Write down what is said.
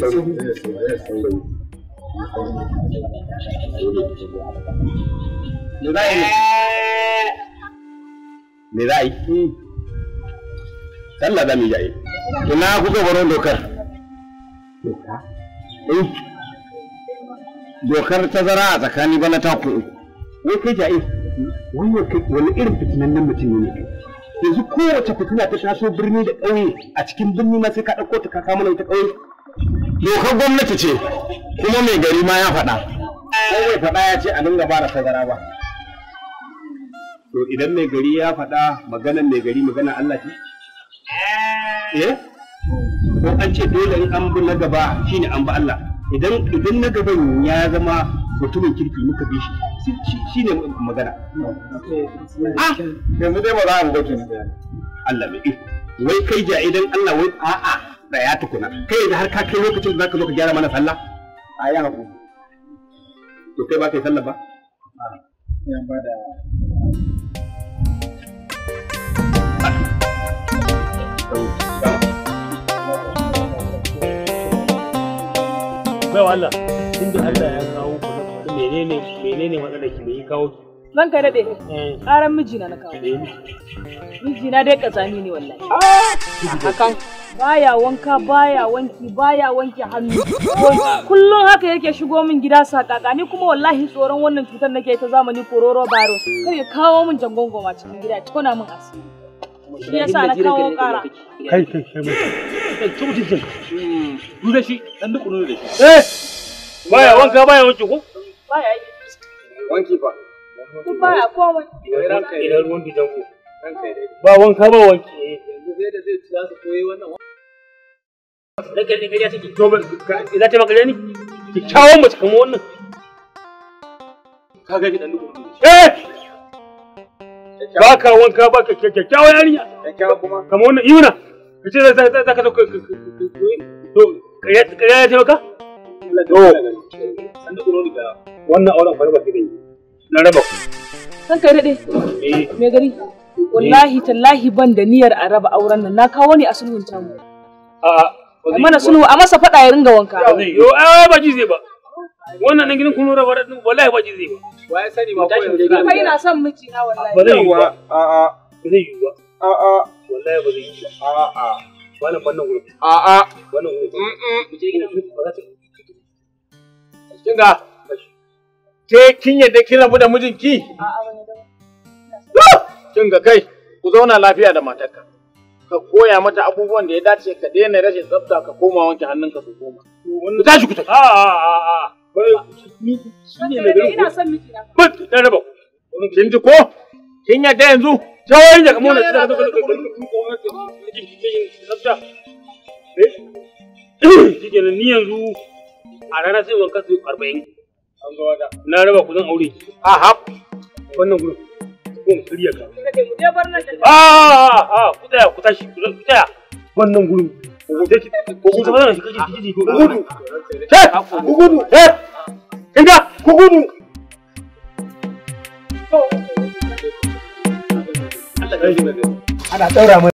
Eso, eso, eso. Me da yi. Me da yi. Sallah za mu yi. Ina kuka baron dokar? Eh. ta zara a tsakani bana ta ku. Wai kai ja'i. Wani irin fitinan nan mutum ne yanzu kowace fitina ta taso birni da ƙauye a cikin birni ma sai ka ɗauko ta ka kama ta ƙauye dokar gwamnati ce kuma mai gari ma ya faɗa ko zai faɗa ya ce a dinga bara tazara ba to idan mai gari ya faɗa maganar mai gari maganar Allah ce eh ko an ce dole in an bi na gaba shine an bi Allah idan idan na gaban ya zama mutumin kirki muka bi shi shi ne magana ah yanzu dai ba za a gwatu Allah mai wai kai ja idan Allah wai a'a tsaya tukuna kai da har ka kai lokacin da zaka zo ka gyara mana sallah a yi haku to kai ba kai sallah ba yan ba da Allah, tun da Allah ya kawo ku menene menene matsalar ki da ya kawo ki Ban ka daɗe, eh. ƙaran mijina na kawo. Eh. Mijina dai ƙazami ne wallahi. Ah! Akan. Baya wanka, baya wanki, baya wanki hannu. Kullum haka yake shigo min gida sakaka ni kuma wallahi tsoron wannan cutar nake ta zamani kororo virus. Kar ya kawo min jangongoma cikin gida, tona min asiri. Shi yasa na kawo ƙara. Kai kai kai mai. Ci mutum kai. Hmm. Duda shi, ɗan duk da shi. Eh! Baya wanka, baya wanki ko? Baya yi. Wanki ba. Duk ba ya komai. Idan ruwan ku. Ba wanka ba wanki. Eh, yanzu sai da zai ci za su koyi wannan take. To ba za ta ni? mace wannan. Ka eh! Ba ka wanka ba ka kyakkyawan yarinya. kuma. wannan Ka ce za ka zo ka to ya To. Sanda wannan auren ba yi. na raba ku san kai daɗe? Eh. me gari wallahi eh. tallahi ban da niyyar a raba auren nan na kawo ne a sulhun ta mu a mana sulhu a masa faɗa ya ringa wanka yo ai ba ji zai ba wannan nan gidan kun raba wallahi ba ji zai ba wai sani ba ko kai na son miji na wallahi ba zai yi ba a a ba zai yi ba a a wallahi ba zai yi a a wannan fannin gurbi a a wannan gurbi mm mm kinga Ke kin yadda kin rabu da mijinki? Kin ga kai, ku zauna lafiya da matarka. Ka koya mata abubuwan da ya dace ka daina rashin tsafta ka koma wanke hannunka su koma. Ku tashi ku tashi. A a a a. Ina son mijina. But dan raba. Kin ji ko? Kin yadda yanzu? Jawai da kamar da ta tsafta. Eh? Kike ni yanzu a rana sai wanka su 40. Na raba ku zan aure. Aha. Wannan gurin. Ko mu ka. Ah ah ku tsaya ku tashi ku tsaya. Wannan Ana daura